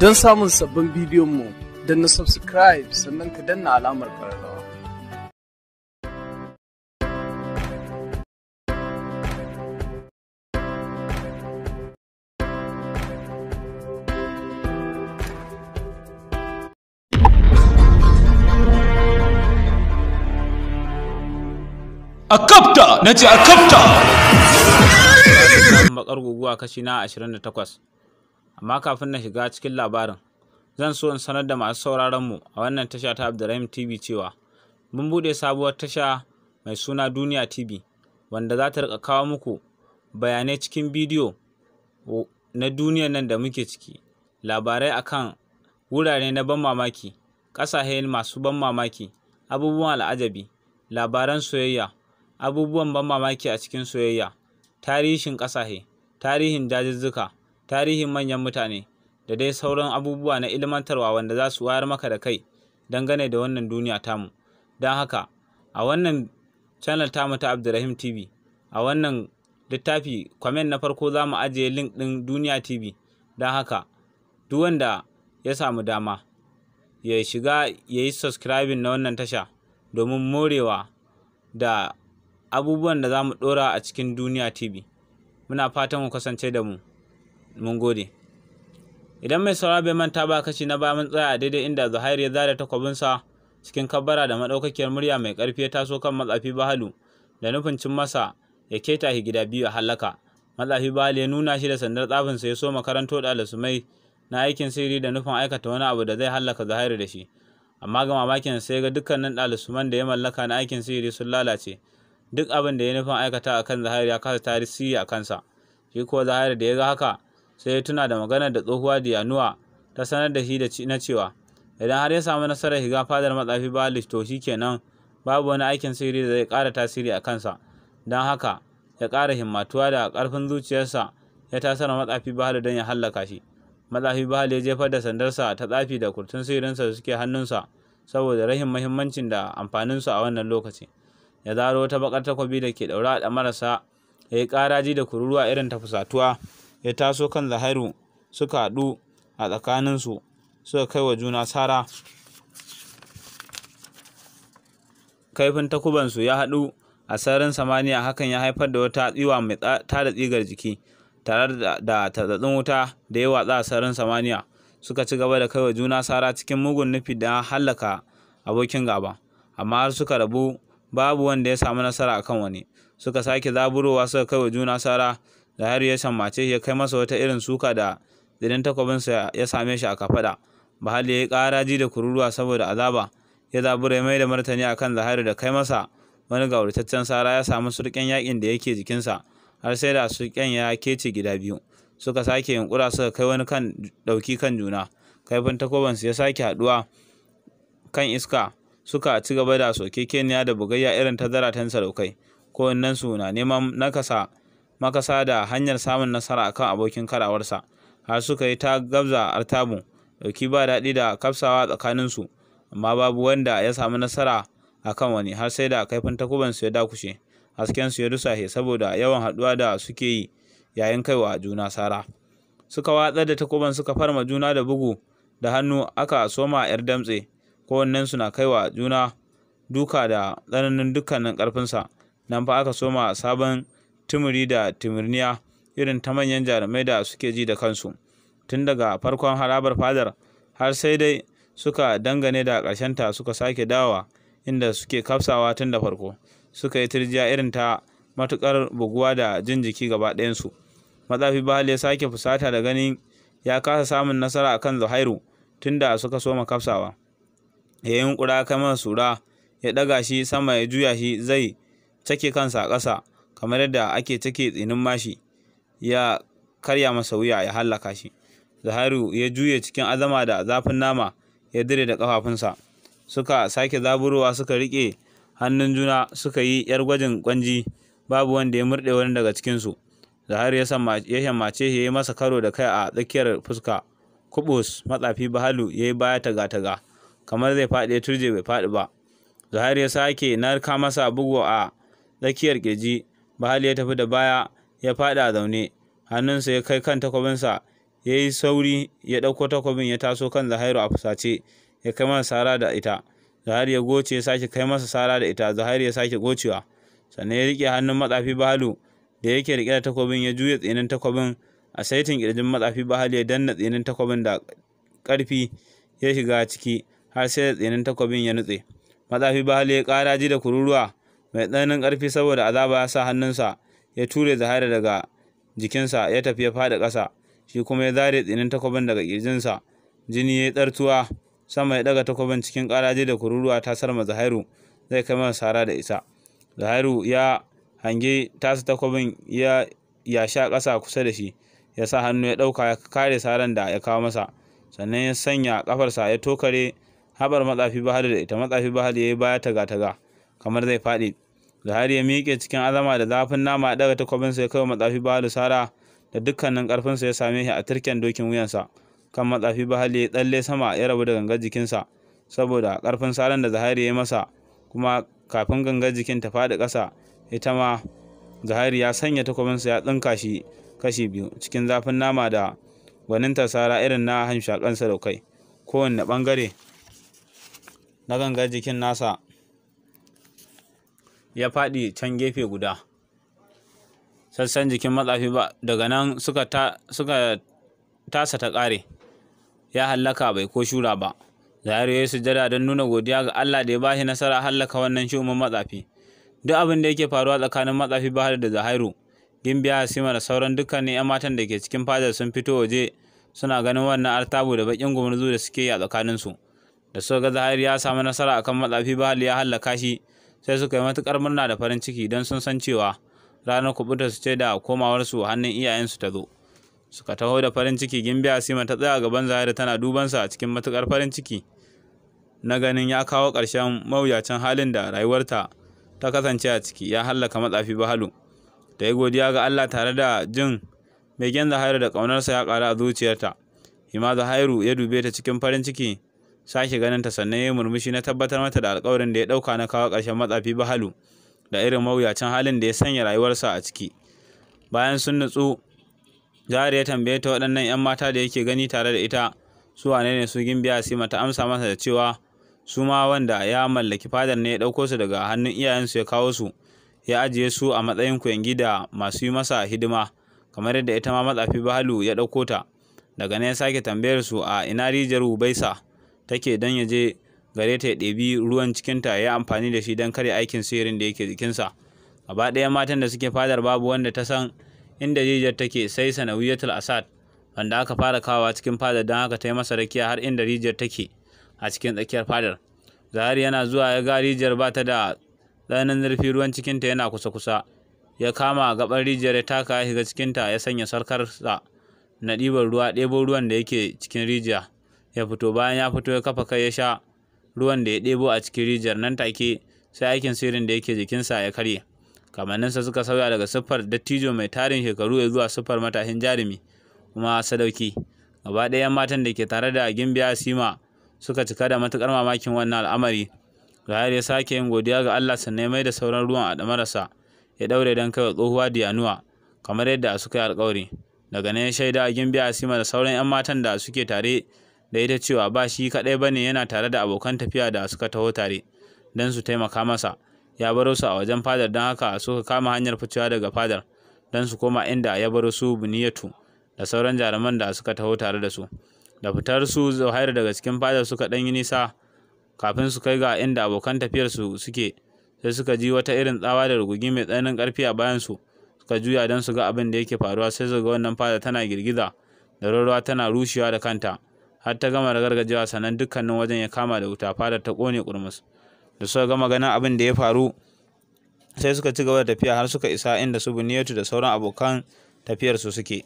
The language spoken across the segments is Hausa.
Don samun sabbin bidiyon bidiyonmu, na subscribe sannan ka danna alamar ƙararrawa. a kafta na ce a kafta makar guguwa kashi na 28 amma kafin na shiga cikin labarin zan so in sanar da masu sauraron mu a wannan tasha ta Abdulrahim TV cewa mun bude sabuwar tasha mai suna Duniya TV wanda za ta riƙa kawo muku bayanai cikin bidiyo na duniyar nan da muke ciki labarai akan wurare na ban mamaki ƙasashe masu ban mamaki abubuwan al'ajabi labaran soyayya abubuwan ban mamaki a cikin soyayya tarihin ƙasashe tarihin dajijjuka tarihin manyan mutane da dai sauran abubuwa na ilmantarwa wanda za su wayar maka da kai dangane da wannan duniya tamu don haka a wannan channel tamu ta abdurrahim tv a wannan littafi kwamen na farko za mu ajiye link ɗin duniya tv don haka duk wanda ya samu dama ya shiga ya yi subscribing na wannan tasha domin morewa da abubuwan da za mu ɗora a cikin duniya tv muna fatan mu kasance da mu mun gode idan mai saura bai manta ba kashi na ba mun tsaya a daidai inda zuhair ya zare takwabinsa cikin kabbara da maɗaukakiyar murya mai ƙarfi ya taso kan matsafi bahalu da nufin cin masa ya keta shi gida biyu a hallaka matsafi bahalu ya nuna shi da sandar tsafinsa ya so makaranto da alasumai na aikin sirri da nufin aikata wani abu da zai hallaka zuhair da shi amma ga mamakin sai ga dukkanin ɗalisuman da ya mallaka na aikin sihiri sun lalace duk abin da ya nufin aikata a kan zahari ya kasa tarihi a kansa shi kuwa zahari da ya ga haka sai ya tuna da maganar da tsohuwa diyanuwa ta sanar da shi da na cewa idan har ya samu nasarar shiga fadar matsafi balish to shi kenan babu wani aikin sirri da zai kara tasiri a kansa don haka ya kara himmatuwa da ƙarfin zuciyarsa ya tasar matsafi ba don ya hallaka shi matsafi ba ya jefar da sandarsa ta tsafi da kurtun sirrinsa da suke hannunsa saboda rahin mahimmancin da amfaninsu a wannan lokaci ya zaro wata bakar takobi da ke daura da marasa ya yi ƙaraji da kururuwa irin ta fusatuwa ya taso kan zaharu suka haɗu a tsakaninsu suka kai wa juna sara. Kaifin takubansu ya haɗu a sararin samaniya hakan ya haifar da wata tsiwa mai tada tsigar jiki tare da tarzatsin wuta da ya watsa a sararin samaniya suka ci gaba da kai wa juna sara cikin mugun nufi da hallaka abokin gaba amma har suka rabu babu wanda ya samu nasara akan wani suka sake zaburowa suka kai wa juna sara har ya shammace ya kai masa wata irin suka da zidan takobinsa ya same shi a kafaɗa. Bahal ya yi ƙaraji da kururuwa saboda azaba. Ya zabura ya mai da martani akan zahari da kai masa wani gauritaccen sara ya samu surƙen yakin da yake jikinsa har sai da surƙen ya kece gida biyu. Suka sake yunƙura suka kai wani kan ɗauki kan juna. Kaifin takobansu ya sake haɗuwa kan iska suka ci gaba da keniya da bugayya irin ta zaratan sadaukai. su na neman nakasa makasa da hanyar samun nasara akan abokin karawarsa har suka yi ta gabza artabu dauki ba daɗi da kafsawa tsakaninsu amma babu wanda ya samu nasara akan wani har sai da kaifin takubansu ya dakushe su ya dusahe saboda yawan haɗuwa da suke yi yayin kaiwa juna sara suka watsa da takuban suka farma juna da bugu da hannu aka soma yar damtse kowannensu na kaiwa juna duka da tsananin dukkanin karfinsa nan fa aka soma sabon tumuri da timirniya irin ta manyan jarumai da suke ji da kansu tun daga farkon harabar fadar har sai dai suka dangane da ta suka sake dawa inda suke kafsawa tun da farko suka yi turjiya irin ta matuƙar buguwa da jin jiki gaba ɗayansu matsafi bahal ya sake fusata da ganin ya kasa samun nasara akan zuhairu tun da suka soma kafsawa ya yunkura kamar sura ya ɗaga shi sama ya juya shi zai cake kansa a ƙasa kamar yadda ake take tsinin mashi ya karya masa wuya ya hallaka shi zaharu ya juye cikin azama da zafin nama ya dire da kafafunsa suka sake zaburowa suka rike hannun juna suka yi yar gwajin kwanji babu wanda ya murɗe wani daga cikinsu zaharu ya san ya yi masa karo da kai a tsakiyar fuska kubus matsafi bahalu ya yi baya taga-taga kamar zai faɗi ya turje bai faɗi ba zahar ya sake narka masa bugu a tsakiyar kirji Bahali ya tafi da baya ya faɗi a zaune hannunsa ya kai kan takwabinsa ya yi sauri ya ɗauko takwabin ya taso kan Zahairu a fusace ya kai masa sara da ita Zahairu ya goce ya sake kai masa sara da ita Zahairu ya sake gocewa sannan ya riƙe hannun matsafi Bahalu da yake riƙe da takwabin ya juya tsinin takwabin a saitin ƙirjin matsafi Bahalu ya danna tsinin takwabin da ƙarfi ya shiga ciki har sai da tsinin takwabin ya nutse matsafi Bahalu ya ƙara ji da kururuwa mai tsananin ƙarfi saboda azaba ya sa hannunsa ya ture zahara daga jikinsa ya tafi ya faɗi ƙasa shi kuma ya zare tsinin takwabin daga ƙirjinsa jini ya yi tsartuwa sama ya ɗaga takwabin cikin ƙaraje da kururuwa ta sarma zahairu zai kai masa sara da isa zahairu ya hange tasa takwabin ya sha ƙasa kusa da shi ya sa hannu ya ɗauka ya kare saran da ya kawo masa sannan ya sanya ƙafarsa ya tokare haɓar matsafi bahar da ita matsafi bahar ya yi baya taga-taga kamar zai faɗi Zahari ya miƙe cikin azama da zafin nama ya ɗaga takwabinsa ya kai matsafi Bahalu Sara da dukkanin ƙarfinsa ya same shi a turken dokin wuyansa. Kan matsafi Bahalu ya tsalle sama ya rabu da gangar jikinsa saboda ƙarfin saran da Zahari ya yi masa kuma kafin gangar jikin ta faɗi ƙasa ita ma Zahari ya sanya takwabinsa ya tsinka shi kashi biyu cikin zafin nama da gwaninta sara irin na hanshaƙansa da kai kowanne ɓangare na gangar jikin nasa ya faɗi can gefe guda sassan jikin matsafi ba daga nan suka tasa ta ƙare ya hallaka bai ko shura ba zahiru ya sujada don nuna godiya ga Allah da ya bashi nasara hallaka wannan shuman matsafi duk abin da yake faruwa tsakanin matsafi ba da Zahiru Gimbiya sima da sauran dukkanin 'yan matan da ke cikin fadar sun fito waje suna ganin wannan artabu da bakin gumurzu da suke yi a tsakaninsu da suka ga Zahiru ya samu nasara akan matsafi ba ya hallaka shi sai suka yi matuƙar murna da farin ciki don sun san cewa ranar kubuta su ce da komawarsu hannun iyayensu ta zo suka taho da farin ciki gimbiya sima ta tsaya gaban zahira tana dubansa cikin matuƙar farin ciki na ganin ya kawo ƙarshen mawuyacin halin da rayuwarta ta kasance a ciki ya hallaka matsafi bahalu da ya godiya ga Allah tare da jin gyan Zahiru da ƙaunarsa ya ƙara a zuciyarta ima zahairu ya dube ta cikin farin ciki sake ganin ta sannan ya murmushi na tabbatar mata da alkawarin da ya ɗauka na kawo ƙarshen matsafi bahalu da irin mawuyacin halin da ya sanya rayuwarsa a ciki bayan sun nutsu jari ya tambaye ta waɗannan 'yan mata da yake gani tare da ita su wane ne su gimbiya sima ta amsa masa da cewa su ma wanda ya mallaki fadar ne ya dauko su daga hannun iyayensu ya kawo su ya ajiye su a matsayin kuyangi da masu yi masa hidima kamar yadda ita ma matsafi bahalu ya dauko ta daga ne ya sake tambayar su a ina rijiyar ubaisa take don ya je gare ta ya ɗebi ruwan cikinta ya amfani da shi don kare aikin sirrin da yake jikinsa gaba ɗaya matan da suke fadar babu wanda ta san inda rijiyar take sai sanawiyatul asad wanda aka fara kawowa cikin fadar don haka ta yi masa rakiya har inda rijiyar take a cikin tsakiyar fadar zahari yana zuwa ya ga rijiyar ba ta da tsananin zurfi ruwan cikinta yana kusa-kusa ya kama gaban rijiyar ya taka ya shiga cikinta ya sanya sarkar sa na ɗiban ruwa ɗebo ruwan da yake cikin rijiya ya fito bayan ya fito ya kafa kai ya sha ruwan da ya ɗebo a cikin rijiyar nan take sai aikin sirrin da yake jikinsa ya karye kamanninsa suka sauya daga siffar dattijo mai tarin shekaru ya zuwa siffar matashin jarumi kuma sadauki gaba ɗaya yan matan da ke tare da gimbiya sima suka cika da matukar mamakin wannan al'amari gahar ya sake yin godiya ga Allah sannan mai da sauran ruwan a ɗamararsa ya ɗaure don kai wa tsohuwa Diyanuwa kamar yadda suka yi alƙawari daga nan ya shaida gimbiya sima da sauran 'yan matan da suke tare da ita cewa ba shi kaɗai ba ne yana tare da abokan tafiya da suka taho tare don su taimaka masa ya baro su a wajen fadar don haka suka kama hanyar ficewa daga fadar don su koma inda ya baro su buniyatu da sauran jaruman da suka taho tare da su da fitar su zuhairu daga cikin fadar suka ɗan yi nisa kafin su kai ga inda abokan tafiyar su suke sai suka ji wata irin tsawa da rugugi mai tsananin ƙarfi a bayan su suka juya don su ga abin da yake faruwa sai su ga wannan fada tana girgiza da ruwa tana rushewa da kanta har ta gama da gargajewa sannan dukkanin wajen ya kama da wuta fadar ta kone kurmus da suka gama ganin abin da ya faru sai suka ci gaba da tafiya har suka isa inda su buniyatu da sauran abokan tafiyar su suke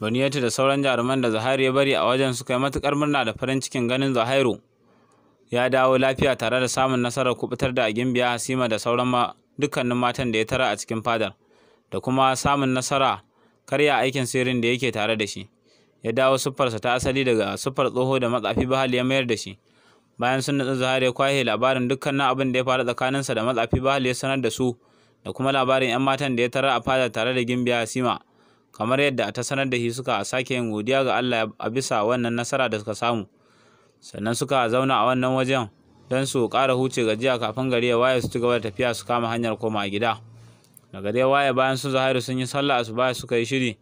buniyatu da sauran jaruman da zahairu ya bari a wajen suka yi matukar murna da farin cikin ganin zahairu ya dawo lafiya tare da samun nasarar kubutar da agimbiya hasima da sauran dukkanin matan da ya tara a cikin fadar da kuma samun nasara karya aikin sirrin da yake tare da shi ya dawo siffarsa ta asali daga siffar tsoho da matsafi bahal ya mayar da shi bayan sun natsu zahar ya kwahe labarin dukkanin abin da ya faru tsakaninsa da matsafi bahal ya sanar da su da kuma labarin 'yan matan da ya tara a fada tare da gimbiya sima kamar yadda ta sanar da shi suka sake yin godiya ga Allah a bisa wannan nasara da suka samu sannan suka zauna a wannan wajen don su kara huce gajiya kafin gari ya waye su ci gaba da tafiya su kama hanyar koma gida daga dai waye bayan su zahari sun yi sallah asuba suka yi shiri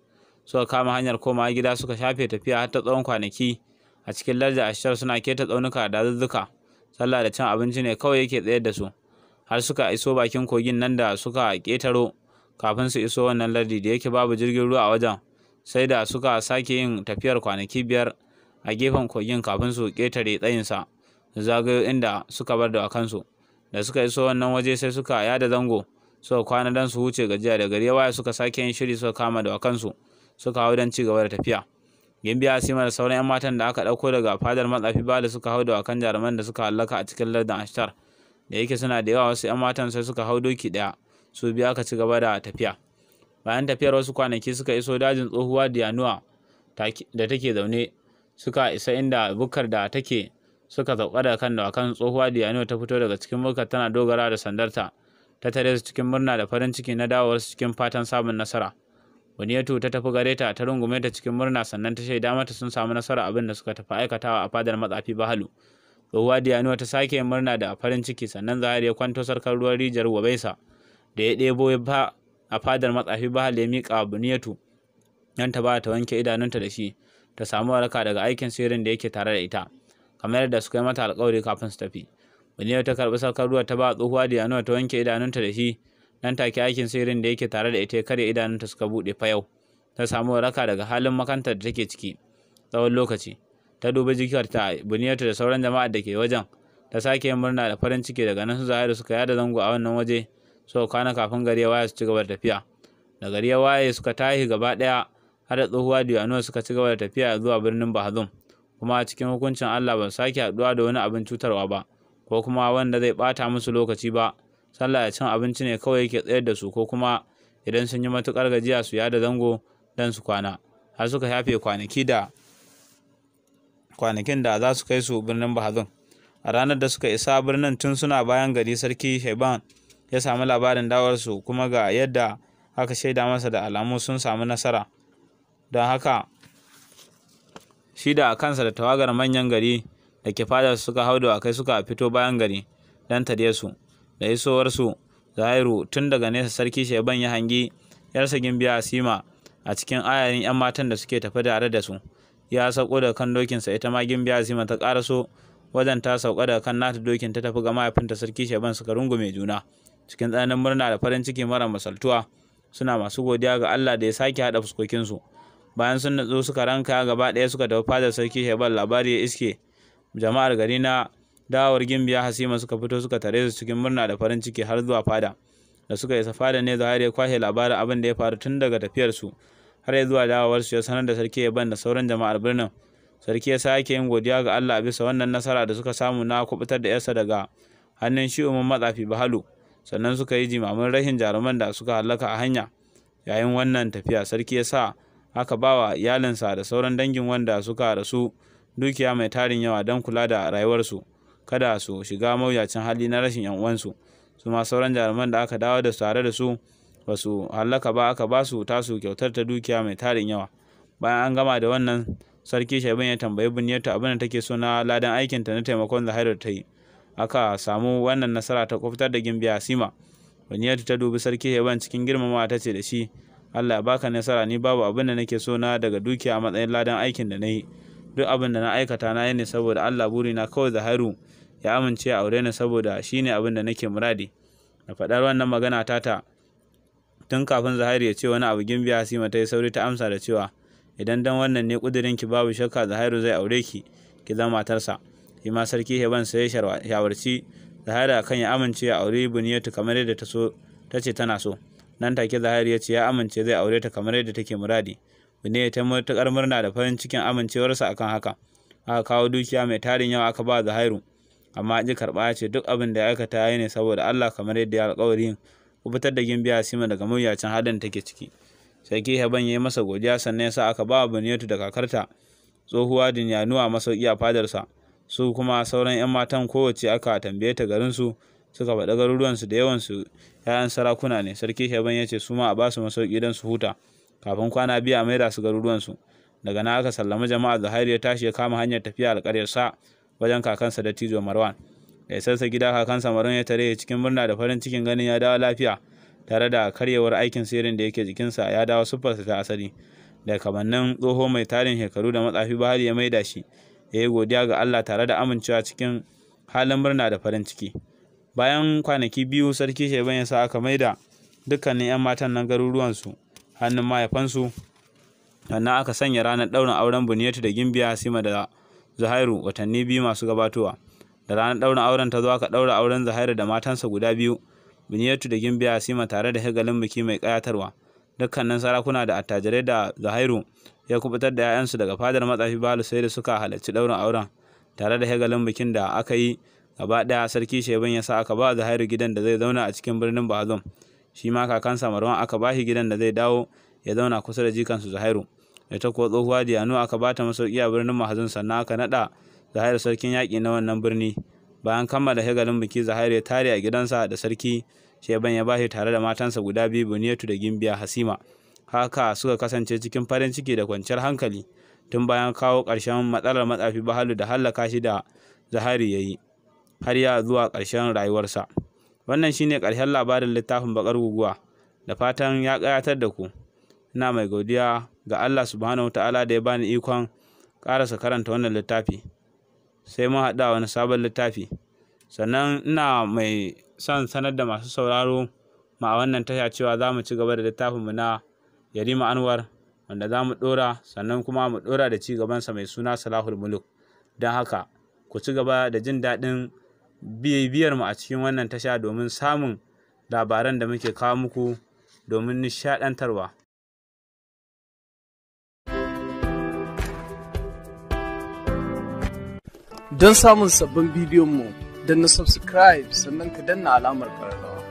suka kama hanyar koma gida suka shafe tafiya har ta tsawon kwanaki a cikin lardin ashirar suna keta tsaunuka da dazuzzuka sallah da cin abinci ne kawai yake tsayar da su har suka iso bakin kogin nan da suka ketaro kafin su iso wannan lardi da yake babu jirgin ruwa a wajen sai da suka sake yin tafiyar kwanaki biyar a gefen kogin kafin su ƙetare tsayinsa su zagayo inda suka bar da kansu da suka iso wannan waje sai suka yada zango suka kwana don su huce gajiya da gari ya waya suka sake yin shiri suka kama da kansu suka hau don ci gaba da tafiya gimbiya sima da sauran 'yan matan da aka ɗauko daga fadar matsafi bali suka hau da wakan jaruman da suka hallaka a cikin lardin ashtar da yake suna da yawa wasu 'yan matan sai suka hau doki ɗaya su biya aka ci gaba da tafiya bayan tafiyar wasu kwanaki suka iso dajin tsohuwa diyanuwa da take zaune suka isa inda bukar da take suka zaɓa da kan dawakan tsohuwa diyanuwa ta fito daga cikin bukar tana dogara da sandarta ta tare cikin murna da farin ciki na dawowar su cikin fatan samun nasara Buniyatu ta tafi gare ta ta rungume ta cikin murna sannan ta shaida mata sun samu nasara abin da suka tafi aikatawa a fadar matsafi Bahalu. Tsohuwa Diyanuwa ta sake murna da farin ciki sannan Zahar ya kwanto sarkar ruwan rijar Wabaisa da ya ɗebo ya ba a fadar matsafi Bahalu ya miƙa wa Buniyatu don ta ba ta wanke idanunta da shi ta samu waraka daga aikin sirrin da yake tare da ita kamar yadda suka yi mata alƙawari kafin su tafi. Buniyatu ta karɓi sarkar ruwa ta ba tsohuwa Diyanuwa ta wanke idanunta da shi nan take aikin sirrin da yake tare da ita ya karya idanunta suka buɗe fa yau ta samu waraka daga halin makantar da take ciki tsawon lokaci ta dubi jikarta buniyarta da sauran jama'ar da ke wajen ta sake yin murna da farin ciki daga nan su zahiru suka yada zango a wannan waje so kana kafin gari ya waye su ci gaba da tafiya da gari ya waye suka tashi gaba daya har da tsohuwa diwano suka ci gaba da tafiya zuwa birnin bahazum kuma a cikin hukuncin allah ba sake haduwa da wani abin cutarwa ba ko kuma wanda zai bata musu lokaci ba sallah ya cin abinci ne kawai yake tsayar da su ko kuma idan sun yi matukar gajiya su yada zango dan su kwana har suka shafe kwanaki da kwanakin da za su kai su birnin bahazin a ranar da suka isa birnin tun suna bayan gari sarki shaiban ya samu labarin dawarsu kuma ga yadda aka shaida masa da alamu sun samu nasara don haka shi da kansa da tawagar manyan gari da ke fadar suka haudu a kai suka fito bayan gari don tare su da isowarsu zahiru tun daga nesa sarki sheban ya hangi yarsa gimbiya asima a cikin ayarin 'yan matan da suke tafi tare da su ya sauko da kan dokinsa ita ma gimbiya asima ta karaso wajen ta sauka daga kan nata dokin ta tafi ga mahaifinta sarki sheban suka rungume juna cikin tsananin murna da farin ciki mara masaltuwa suna masu godiya ga Allah da ya sake haɗa su bayan sun natsu suka ranka gaba ɗaya suka tafi fadar sarki sheban labari ya iske jama'ar gari na dawowar gimbiya hasima suka fito suka tare su cikin murna da farin ciki har zuwa fada da suka isa fada ne zahar ya kwashe labarin abin da ya faru tun daga tafiyar su har zuwa dawowar su ya sanar da sarki ban da sauran jama'ar birnin sarki ya sake yin godiya ga Allah bisa wannan nasara da suka samu na kubutar da yarsa daga hannun shi umman matsafi bahalu sannan suka yi jimamin rashin jaruman da suka halaka a hanya yayin wannan tafiya sarki ya sa aka bawa iyalinsa da sauran dangin wanda suka rasu dukiya mai tarin yawa don kula da rayuwarsu kada su shiga mawuyacin hali na rashin yan uwansu su ma sauran jaruman da aka dawo da su tare da su ba su hallaka ba aka ba su tasu kyautar ta dukiya mai tarin yawa bayan an gama da wannan sarki shaibin ya tambayi bunyarta abin da take so na ladan aikinta na taimakon zahirar ta yi aka samu wannan nasara ta kwafitar da gimbiya sima bunyarta ta dubi sarki shaiban cikin girmamawa ta ce da shi allah baka nasara ni babu abin da nake so na daga dukiya a matsayin ladan aikin da na yi duk abin da na aikata na yi ne saboda allah buri na kawai zahiru ya amince ya aure ni saboda shi ne abin da nake muradi na faɗar wannan magana ta ta tun kafin Zaharu ya ce wani abu Gimbiya Hasima ta yi sauri ta amsa da cewa idan dan wannan ne kudirin ki babu shakka zahairu zai aure ki ki zama matarsa shi ma sarki Heban sai ya shawarci zahairu kan ya amince ya aure Buniyatu kamar yadda ta so ta ce tana so nan take zahairu ya ce ya amince zai aure ta kamar yadda take muradi ya ta matuƙar murna da farin cikin amincewarsa akan haka aka kawo dukiya mai tarin yawa aka ba Zaharu amma an ji karɓa ya ce duk abin da ya aikata ya yi ne saboda Allah kamar yadda ya alƙawarin ku fitar da gimbiya sima daga mawuyacin hadin take ciki sai ke haban ya yi masa godiya sannan ya sa aka ba buniyatu da kakarta tsohuwa dinyanuwa masauki a fadarsa su kuma sauran 'yan matan kowace aka tambaye ta su suka faɗi garuruwansu da yawan su 'ya'yan sarakuna ne sarki heban ya ce su ma a ba su masauki don su huta kafin kwana biya mai da su garuruwansu daga na aka sallama jama'a zahari ya tashi ya kama hanyar tafiya alƙaryar sa wajen kakansa da tijo marwan da isarsa gida kakansa marwan ya tare cikin murna da farin cikin ganin ya dawo lafiya tare da karyewar aikin sirrin da yake jikinsa ya dawo siffarsa ta asali da kamannin tsoho mai tarin shekaru da matsafi bahari ya maida shi ya yi godiya ga allah tare da amincewa cikin halin murna da farin ciki bayan kwanaki biyu sarki sheban ya sa aka maida dukkanin 'yan matan nan garuruwansu hannun mahaifansu sannan aka sanya ranar ɗaurin auren buniyatu da gimbiya sima da Zuhairu watanni biyu masu gabatowa. Da ranar ɗaurin auren ta zo aka ɗaura auren Zuhairu da matansa guda biyu, Biniyatu da Gimbiya Asima tare da Hegalin biki mai ƙayatarwa. Dukkanin sarakuna da attajirai da Zuhairu ya kubutar da 'ya'yansu daga fadar matsafi Balu sai da suka halarci daurin auren tare da Hegalin bikin da aka yi gaba ɗaya sarki Sheban ya sa aka ba Zuhairu gidan da zai zauna a cikin birnin Bazum. Shi ma kakansa Marwan aka ba shi gidan da zai dawo ya zauna kusa da jikansu Zuhairu. da ta kuwa tsohuwa yanu aka bata masauki a birnin mahazin sannan aka naɗa zahayar sarkin yaƙi na wannan birni bayan kammala shagalin biki zahayar ya tare a gidansa da sarki sheban ya bashi tare da matansa guda biyu buniyatu da gimbiya hasima haka suka kasance cikin farin ciki da kwanciyar hankali tun bayan kawo ƙarshen matsalar matsafi bahalu da hallaka shi da zahari ya yi har ya zuwa ƙarshen rayuwarsa wannan shine ƙarshen labarin littafin bakar guguwa da fatan ya ƙayatar da ku ina mai godiya ga Allah subhanahu ta'ala da ya bani ikon karasa karanta wannan littafi sai mun haɗa wani sabon littafi sannan ina mai son sanar da masu sauraro ma a wannan tasha cewa za mu ci gaba da littafinmu na Yarima Anwar wanda za mu ɗora sannan kuma mu ɗora da ci gabansa mai suna Salahul Muluk don haka ku ci gaba da jin daɗin bibiyar mu a cikin wannan tasha domin samun labaran da muke kawo muku domin nishaɗantarwa. Don samun sabbin don na subscribe sannan ka danna alamar ƙararrawa.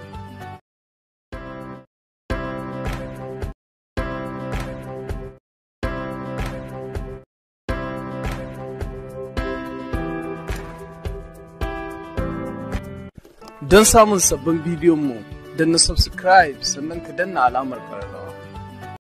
Don samun sabbin bidiyon don na subscribe sannan ka danna alamar ƙararrawa.